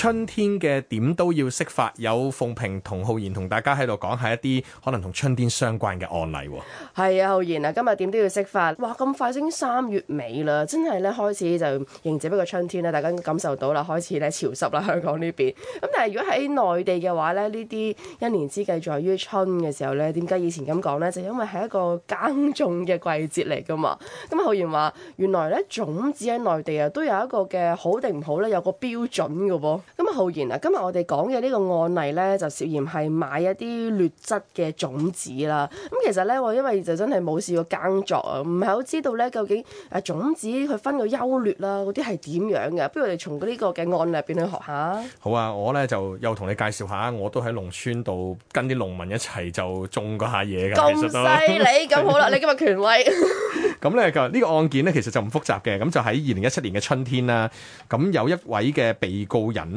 春天嘅點都要識法，有鳳平同浩然同大家喺度講一下一啲可能同春天相關嘅案例。係啊，浩然啊，今日點都要識法。哇，咁快已經三月尾啦，真係咧開始就迎接一個春天啦。大家感受到啦，開始咧潮濕啦，香港呢邊。咁但係如果喺內地嘅話咧，呢啲一年之計在於春嘅時候咧，點解以前咁講咧？就因為係一個耕種嘅季節嚟噶嘛。咁浩然話：原來咧種子喺內地啊，都有一個嘅好定唔好咧，有個標準噶喎。咁啊浩然啊，今日我哋講嘅呢個案例咧，就涉嫌係買一啲劣質嘅種子啦。咁其實咧，我因為就真係冇試過耕作啊，唔係好知道咧究竟啊種子佢分個優劣啦，嗰啲係點樣嘅？不如我哋從呢個嘅案例入邊去學下。好啊，我咧就又同你介紹下，我都喺農村度跟啲農民一齊就種嗰下嘢㗎。咁犀利，咁好啦，你今日權威。咁咧就呢個案件咧，其實就唔複雜嘅，咁就喺二零一七年嘅春天啦。咁有一位嘅被告人。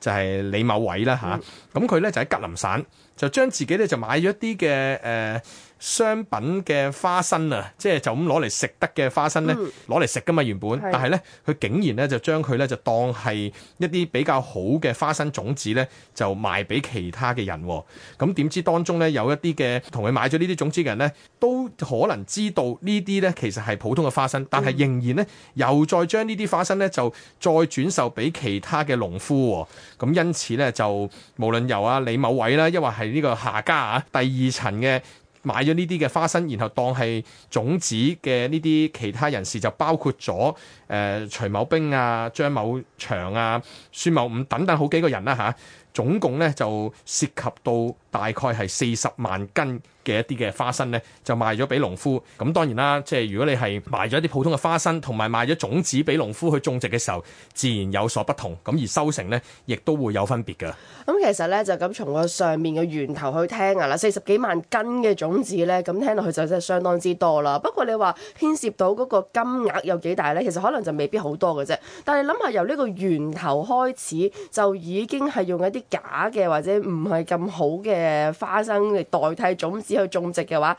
就係李某偉啦嚇，咁佢咧就喺吉林省，就將自己咧就買咗一啲嘅誒商品嘅花生啊，即係就咁攞嚟食得嘅花生咧，攞嚟食㗎嘛。原本，但係咧佢竟然咧就將佢咧就當係一啲比較好嘅花生種子咧，就賣俾其他嘅人、哦。咁、嗯、點、嗯、知當中咧有一啲嘅同佢買咗呢啲種子嘅人咧，都可能知道呢啲咧其實係普通嘅花生，但係仍然咧又再將呢啲花生咧就再轉售俾其他嘅農夫、哦。咁因此咧，就無論由啊李某偉啦，抑或係呢個下家啊，第二層嘅買咗呢啲嘅花生，然後當係種子嘅呢啲其他人士，就包括咗誒、呃、徐某兵啊、張某祥啊、孫某五等等好幾個人啦嚇、啊，總共咧就涉及到。大概係四十萬斤嘅一啲嘅花生呢，就賣咗俾農夫。咁當然啦，即係如果你係賣咗一啲普通嘅花生，同埋賣咗種子俾農夫去種植嘅時候，自然有所不同。咁而收成呢，亦都會有分別㗎。咁、嗯、其實呢，就咁從個上面嘅源頭去聽啊啦，四十幾萬斤嘅種子呢，咁聽落去就真係相當之多啦。不過你話牽涉到嗰個金額有幾大呢，其實可能就未必好多嘅啫。但係諗下由呢個源頭開始，就已經係用一啲假嘅或者唔係咁好嘅。花生嚟代替種子去種植嘅話。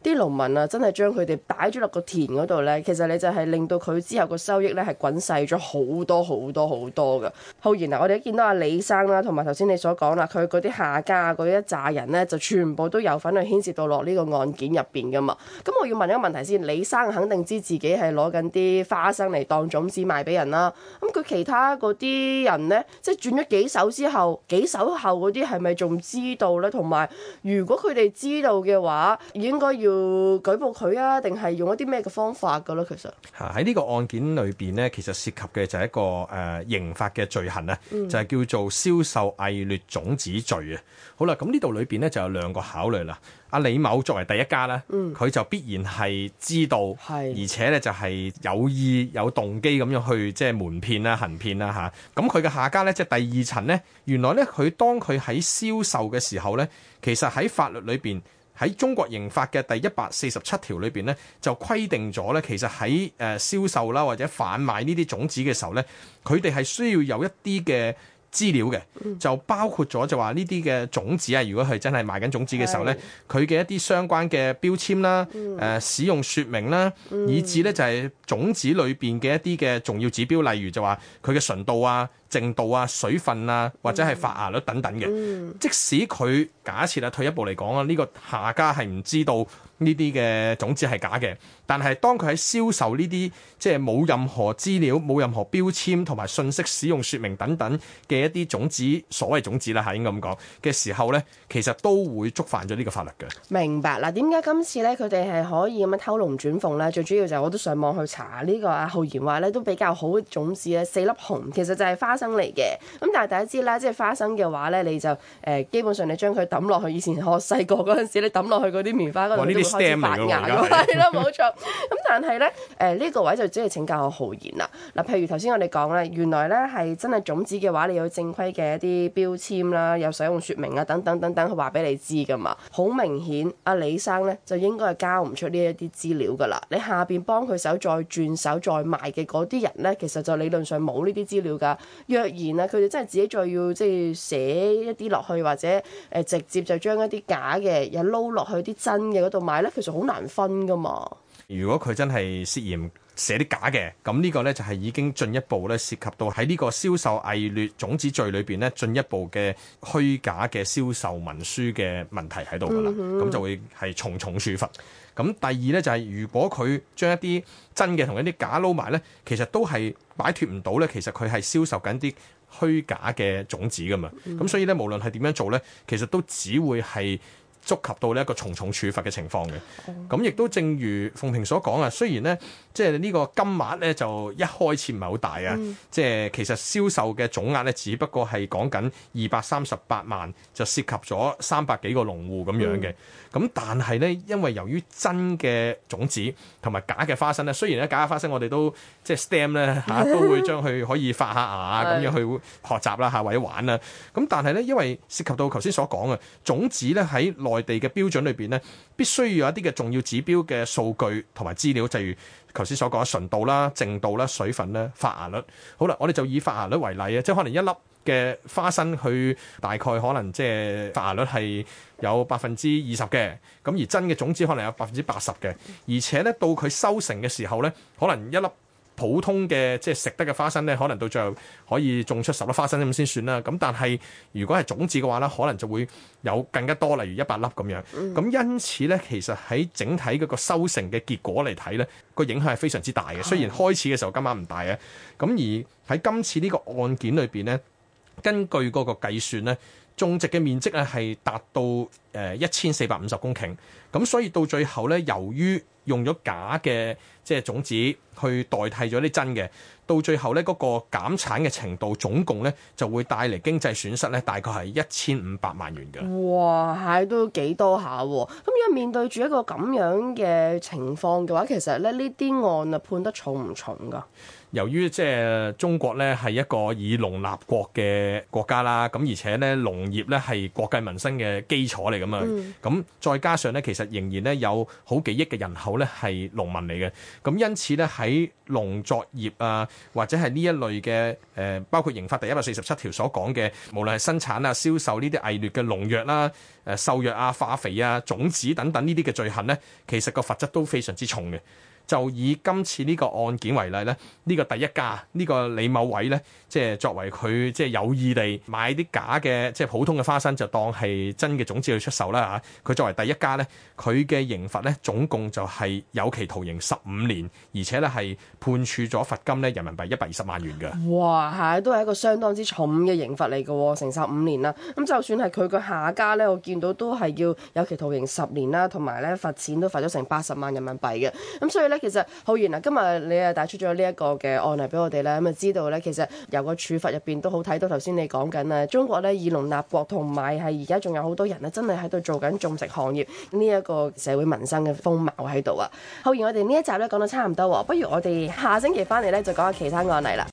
啲農民啊，真係將佢哋擺咗落個田嗰度咧，其實你就係令到佢之後個收益咧係滾細咗好多好多好多噶。浩然啊，我哋都見到阿李生啦，同埋頭先你所講啦，佢嗰啲下家嗰一紮人咧，就全部都有份去牽涉到落呢個案件入邊噶嘛。咁我要問一個問題先，李生肯定知自己係攞緊啲花生嚟當種子賣俾人啦。咁佢其他嗰啲人咧，即係轉咗幾手之後，幾手後嗰啲係咪仲知道咧？同埋如果佢哋知道嘅話，應該要。要舉報佢啊？定係用一啲咩嘅方法噶咯？其實嚇喺呢個案件裏邊呢，其實涉及嘅就係一個誒、呃、刑法嘅罪行啊，嗯、就係叫做銷售偽劣種子罪啊。好啦，咁呢度裏邊呢就有兩個考慮啦。阿李某作為第一家呢，佢、嗯、就必然係知道，是而且呢就係有意有動機咁樣去即係瞞騙啦、行騙啦嚇。咁佢嘅下家呢，即、就、係、是、第二層呢，原來呢，佢當佢喺銷售嘅時候呢，其實喺法律裏邊。喺中國刑法嘅第一百四十七條裏邊呢，就規定咗呢，其實喺誒銷售啦，或者販賣呢啲種子嘅時候呢，佢哋係需要有一啲嘅。資料嘅就包括咗就話呢啲嘅種子啊，如果佢真係賣緊種子嘅時候咧，佢嘅一啲相關嘅標籤啦、誒、嗯呃、使用說明啦，以至咧就係種子裏邊嘅一啲嘅重要指標，例如就話佢嘅純度啊、淨度啊、水分啊，或者係發芽率等等嘅。嗯、即使佢假設啊，退一步嚟講啊，呢個下家係唔知道。呢啲嘅種子係假嘅，但係當佢喺銷售呢啲即係冇任何資料、冇任何標籤同埋信息使用説明等等嘅一啲種子，所謂種子啦，嚇應該咁講嘅時候呢，其實都會觸犯咗呢個法律嘅。明白嗱？點解今次呢？佢哋係可以咁樣偷龍轉鳳呢？最主要就係我都上網去查呢個阿浩然話呢，都比較好嘅種子咧，四粒紅其實就係花生嚟嘅。咁但係大家知啦，即係花生嘅話呢，你就誒、呃、基本上你將佢抌落去，以前我細個嗰陣時，時，你抌落去嗰啲棉花嗰度。開始發芽咯，係咯，冇在 錯。咁但係咧，誒、呃、呢、呢個位就只係請教我浩然啦。嗱、呃，譬如頭先我哋講咧，原來咧係真係種子嘅話，你有正規嘅一啲標籤啦，有使用説明啊，等等等等，佢話俾你知噶嘛。好明顯，阿李生咧就應該係交唔出呢一啲資料噶啦。你下邊幫佢手再轉手再賣嘅嗰啲人咧，其實就理論上冇呢啲資料噶。若然啊，佢哋真係自己再要即係寫一啲落去，或者誒直接就將一啲假嘅又撈落去啲真嘅嗰度賣。係咧，其實好難分噶嘛。如果佢真係涉嫌寫啲假嘅，咁呢個呢就係、是、已經進一步呢涉及到喺呢個銷售偽劣種子罪裏邊呢進一步嘅虛假嘅銷售文書嘅問題喺度噶啦。咁、嗯、哼就會係重重處罰。咁第二呢就係、是，如果佢將一啲真嘅同一啲假撈埋呢，其實都係擺脱唔到呢。其實佢係銷售緊啲虛假嘅種子噶嘛。咁、嗯、哼所以呢，無論係點樣做呢，其實都只會係觸及到呢一個重重處罰嘅情況嘅，咁亦都正如鳳萍所講啊。雖然呢，即係呢個金額呢，就一開始唔係好大啊，嗯、即係其實銷售嘅總額呢，只不過係講緊二百三十八萬，就涉及咗三百幾個農戶咁樣嘅。咁、嗯、但係呢，因為由於真嘅種子同埋假嘅花生呢，雖然呢，假嘅花生我哋都即係 stem 咧嚇，都會將佢可以發下芽咁樣去學習啦嚇，或者玩啦。咁、嗯、但係呢，因為涉及到頭先所講嘅種子呢，喺內。內地嘅標準裏邊呢，必須要有一啲嘅重要指標嘅數據同埋資料，就如頭先所講嘅純度啦、淨度啦、水分啦、發芽率。好啦，我哋就以發芽率為例啊，即係可能一粒嘅花生去，佢大概可能即係發芽率係有百分之二十嘅，咁而真嘅種子可能有百分之八十嘅，而且呢，到佢收成嘅時候呢，可能一粒。普通嘅即係食得嘅花生呢，可能到最後可以種出十粒花生咁先算啦。咁但係如果係種子嘅話呢，可能就會有更加多，例如一百粒咁樣。咁因此呢，其實喺整體嗰個收成嘅結果嚟睇呢，個影響係非常之大嘅。雖然開始嘅時候今晚唔大啊。咁而喺今次呢個案件裏邊呢，根據嗰個計算呢，種植嘅面積咧係達到誒一千四百五十公頃。咁所以到最後呢，由於用咗假嘅。即係種子去代替咗啲真嘅，到最後呢嗰個減產嘅程度，總共呢就會帶嚟經濟損失呢大概係一千五百萬元嘅。哇，係都幾多下喎？咁如果面對住一個咁樣嘅情況嘅話，其實咧呢啲案啊判得重唔重噶？由於即係中國呢係一個以農立國嘅國家啦，咁而且呢農業呢係國計民生嘅基礎嚟㗎嘛，咁再加上呢，其實仍然呢有好幾億嘅人口呢係農民嚟嘅。咁因此咧，喺農作業啊，或者係呢一類嘅誒，包括刑法第一百四十七條所講嘅，無論係生產啊、銷售呢啲偽劣嘅農藥啦、誒獸藥啊、化肥啊、種子等等呢啲嘅罪行咧，其實個罰則都非常之重嘅。就以今次呢個案件為例咧，呢、呢個第一家呢、呢個李某偉呢即係作為佢即係有意地買啲假嘅即係普通嘅花生，就當係真嘅種子去出售啦嚇。佢、啊、作為第一家呢佢嘅刑罰呢，總共就係有期徒刑十五年，而且呢係判處咗罰金呢人民幣一百二十萬元嘅。哇嚇，都係一個相當之重嘅刑罰嚟嘅喎，成十五年啦。咁就算係佢個下家呢，我見到都係要有期徒刑十年啦，同埋呢罰錢都罰咗成八十萬人民幣嘅。咁所以咧。其實浩然啊，今日你啊帶出咗呢一個嘅案例俾我哋咧，咁、嗯、啊知道咧，其實由個處罰入邊都好睇到，頭先你講緊啊，中國咧以農立國同埋係而家仲有好多人咧，真係喺度做緊種植行業呢一，這個社會民生嘅風貌喺度啊。浩然，我哋呢一集咧講得差唔多，不如我哋下星期翻嚟咧就講下其他案例啦。